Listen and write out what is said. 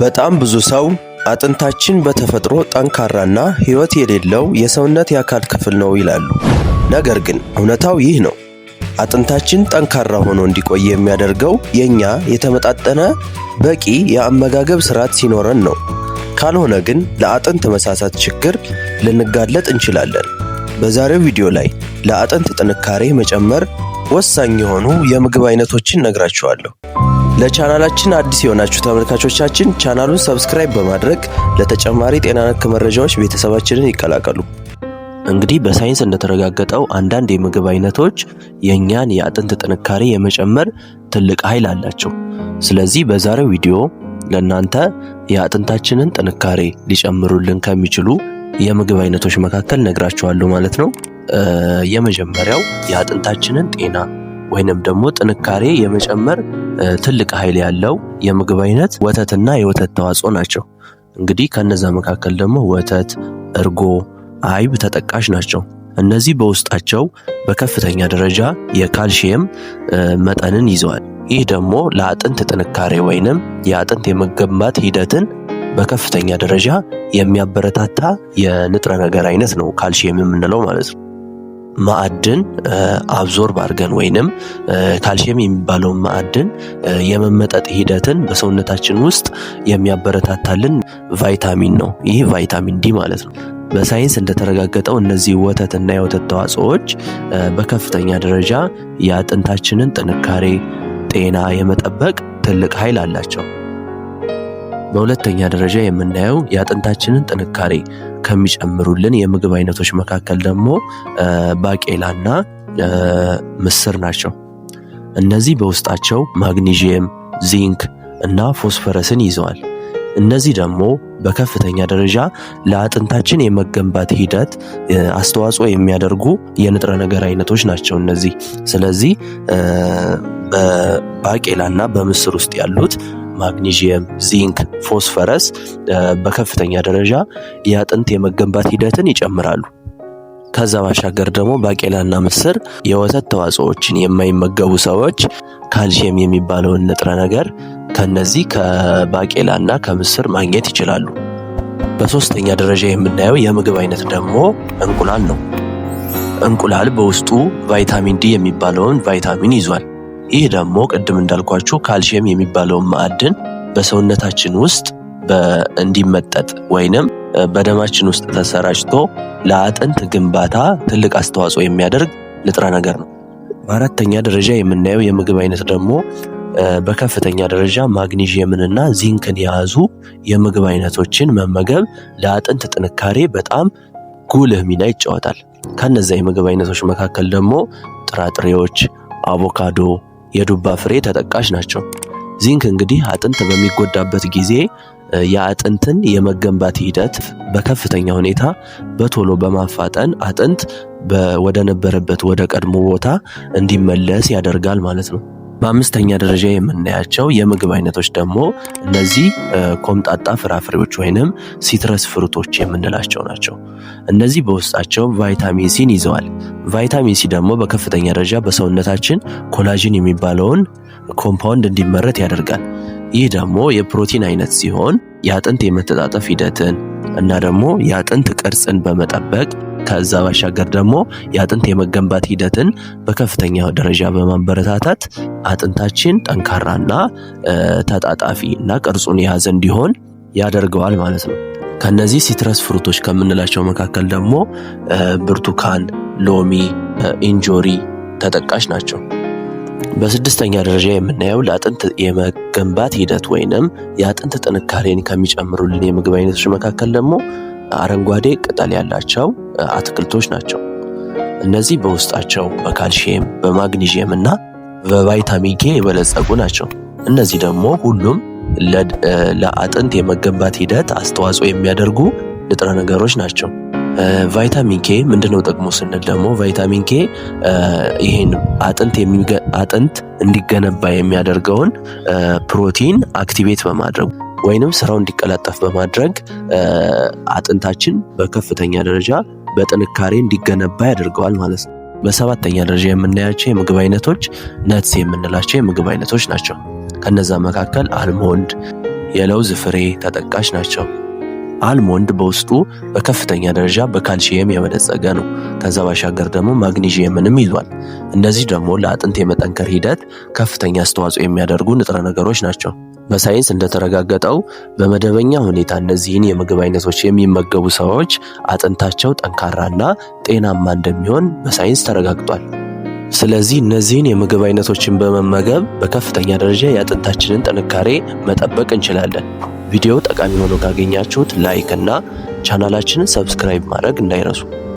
በጣም ብዙ ሰው አጥንታችን በተፈጥሮ ጠንካራና ሕይወት የሌለው የሰውነት የአካል ክፍል ነው ይላሉ። ነገር ግን እውነታው ይህ ነው። አጥንታችን ጠንካራ ሆኖ እንዲቆይ የሚያደርገው የእኛ የተመጣጠነ በቂ የአመጋገብ ስርዓት ሲኖረን ነው። ካልሆነ ግን ለአጥንት መሳሳት ችግር ልንጋለጥ እንችላለን። በዛሬው ቪዲዮ ላይ ለአጥንት ጥንካሬ መጨመር ወሳኝ የሆኑ የምግብ አይነቶችን ነግራችኋለሁ። ለቻናላችን አዲስ የሆናችሁ ተመልካቾቻችን ቻናሉን ሰብስክራይብ በማድረግ ለተጨማሪ ጤና ነክ መረጃዎች ቤተሰባችንን ይቀላቀሉ። እንግዲህ በሳይንስ እንደተረጋገጠው አንዳንድ የምግብ አይነቶች የእኛን የአጥንት ጥንካሬ የመጨመር ትልቅ ኃይል አላቸው። ስለዚህ በዛሬው ቪዲዮ ለእናንተ የአጥንታችንን ጥንካሬ ሊጨምሩልን ከሚችሉ የምግብ አይነቶች መካከል ነግራችኋለሁ ማለት ነው። የመጀመሪያው የአጥንታችንን ጤና ወይንም ደግሞ ጥንካሬ የመጨመር ትልቅ ኃይል ያለው የምግብ አይነት ወተትና የወተት ተዋጽኦ ናቸው። እንግዲህ ከነዛ መካከል ደግሞ ወተት፣ እርጎ፣ አይብ ተጠቃሽ ናቸው። እነዚህ በውስጣቸው በከፍተኛ ደረጃ የካልሽየም መጠንን ይዘዋል። ይህ ደግሞ ለአጥንት ጥንካሬ ወይንም የአጥንት የመገንባት ሂደትን በከፍተኛ ደረጃ የሚያበረታታ የንጥረ ነገር አይነት ነው፣ ካልሽየም የምንለው ማለት ነው። ማዕድን አብዞርብ አድርገን ወይንም ካልሽየም የሚባለውን ማዕድን የመመጠጥ ሂደትን በሰውነታችን ውስጥ የሚያበረታታልን ቫይታሚን ነው። ይህ ቫይታሚን ዲ ማለት ነው። በሳይንስ እንደተረጋገጠው እነዚህ ወተት እና የወተት ተዋጽኦዎች በከፍተኛ ደረጃ የአጥንታችንን ጥንካሬ፣ ጤና የመጠበቅ ትልቅ ኃይል አላቸው። በሁለተኛ ደረጃ የምናየው የአጥንታችንን ጥንካሬ ከሚጨምሩልን የምግብ አይነቶች መካከል ደግሞ ባቄላና ምስር ናቸው። እነዚህ በውስጣቸው ማግኒዥየም፣ ዚንክ እና ፎስፈረስን ይዘዋል። እነዚህ ደግሞ በከፍተኛ ደረጃ ለአጥንታችን የመገንባት ሂደት አስተዋጽኦ የሚያደርጉ የንጥረ ነገር አይነቶች ናቸው እነዚህ። ስለዚህ በባቄላና በምስር ውስጥ ያሉት ማግኒዥየም፣ ዚንክ፣ ፎስፈረስ በከፍተኛ ደረጃ የአጥንት የመገንባት ሂደትን ይጨምራሉ። ከዛ ባሻገር ደግሞ ባቄላና ምስር የወተት ተዋጽኦዎችን የማይመገቡ ሰዎች ካልሽየም የሚባለውን ንጥረ ነገር ከነዚህ ከባቄላና ከምስር ማግኘት ይችላሉ። በሶስተኛ ደረጃ የምናየው የምግብ አይነት ደግሞ እንቁላል ነው። እንቁላል በውስጡ ቫይታሚን ዲ የሚባለውን ቫይታሚን ይዟል። ይህ ደግሞ ቅድም እንዳልኳችሁ ካልሽየም የሚባለውን ማዕድን በሰውነታችን ውስጥ እንዲመጠጥ ወይንም በደማችን ውስጥ ተሰራጭቶ ለአጥንት ግንባታ ትልቅ አስተዋጽኦ የሚያደርግ ንጥረ ነገር ነው። በአራተኛ ደረጃ የምናየው የምግብ አይነት ደግሞ በከፍተኛ ደረጃ ማግኒዥየምንና ዚንክን የያዙ የምግብ አይነቶችን መመገብ ለአጥንት ጥንካሬ በጣም ጉልህ ሚና ይጫወታል። ከነዚያ የምግብ አይነቶች መካከል ደግሞ ጥራጥሬዎች፣ አቮካዶ፣ የዱባ ፍሬ ተጠቃሽ ናቸው። ዚንክ እንግዲህ አጥንት በሚጎዳበት ጊዜ የአጥንትን የመገንባት ሂደት በከፍተኛ ሁኔታ በቶሎ በማፋጠን አጥንት ወደ ነበረበት ወደ ቀድሞ ቦታ እንዲመለስ ያደርጋል ማለት ነው። በአምስተኛ ደረጃ የምናያቸው የምግብ አይነቶች ደግሞ እነዚህ ኮምጣጣ ፍራፍሬዎች ወይንም ሲትረስ ፍሩቶች የምንላቸው ናቸው። እነዚህ በውስጣቸው ቫይታሚን ሲን ይዘዋል። ቫይታሚን ሲ ደግሞ በከፍተኛ ደረጃ በሰውነታችን ኮላጅን የሚባለውን ኮምፓውንድ እንዲመረት ያደርጋል። ይህ ደግሞ የፕሮቲን አይነት ሲሆን የአጥንት የመተጣጠፍ ሂደትን እና ደግሞ የአጥንት ቅርጽን በመጠበቅ ከዛ ባሻገር ደግሞ የአጥንት የመገንባት ሂደትን በከፍተኛ ደረጃ በማበረታታት አጥንታችን ጠንካራና ተጣጣፊ እና ቅርጹን የያዘ እንዲሆን ያደርገዋል ማለት ነው። ከነዚህ ሲትረስ ፍሩቶች ከምንላቸው መካከል ደግሞ ብርቱካን፣ ሎሚ፣ እንጆሪ ተጠቃሽ ናቸው። በስድስተኛ ደረጃ የምናየው ለአጥንት የመገንባት ሂደት ወይንም የአጥንት ጥንካሬን ከሚጨምሩልን የምግብ አይነቶች መካከል ደግሞ አረንጓዴ ቅጠል ያላቸው አትክልቶች ናቸው። እነዚህ በውስጣቸው በካልሽየም በማግኒዥየም እና በቫይታሚን ኬ የበለጸጉ ናቸው። እነዚህ ደግሞ ሁሉም ለአጥንት የመገንባት ሂደት አስተዋጽኦ የሚያደርጉ ንጥረ ነገሮች ናቸው። ቫይታሚን ኬ ምንድነው ጥቅሙ ስንል ደግሞ ቫይታሚን ኬ ይሄን አጥንት አጥንት እንዲገነባ የሚያደርገውን ፕሮቲን አክቲቬት በማድረጉ ወይንም ስራው እንዲቀላጠፍ በማድረግ አጥንታችን በከፍተኛ ደረጃ በጥንካሬ እንዲገነባ ያደርገዋል ማለት ነው። በሰባተኛ ደረጃ የምናያቸው የምግብ አይነቶች ነትስ የምንላቸው የምግብ አይነቶች ናቸው። ከነዛ መካከል አልሞንድ፣ የለውዝ ፍሬ ተጠቃሽ ናቸው። አልሞንድ በውስጡ በከፍተኛ ደረጃ በካልሺየም የበለጸገ ነው። ከዛ ባሻገር ደግሞ ማግኒዥየምንም ይዟል። እነዚህ ደግሞ ለአጥንት የመጠንከር ሂደት ከፍተኛ አስተዋጽኦ የሚያደርጉ ንጥረ ነገሮች ናቸው። በሳይንስ እንደተረጋገጠው በመደበኛ ሁኔታ እነዚህን የምግብ አይነቶች የሚመገቡ ሰዎች አጥንታቸው ጠንካራና ጤናማ እንደሚሆን በሳይንስ ተረጋግጧል። ስለዚህ እነዚህን የምግብ አይነቶችን በመመገብ በከፍተኛ ደረጃ የአጥንታችንን ጥንካሬ መጠበቅ እንችላለን። ቪዲዮው ጠቃሚ ሆኖ ካገኛችሁት ላይክ እና ቻናላችንን ሰብስክራይብ ማድረግ እንዳይረሱ።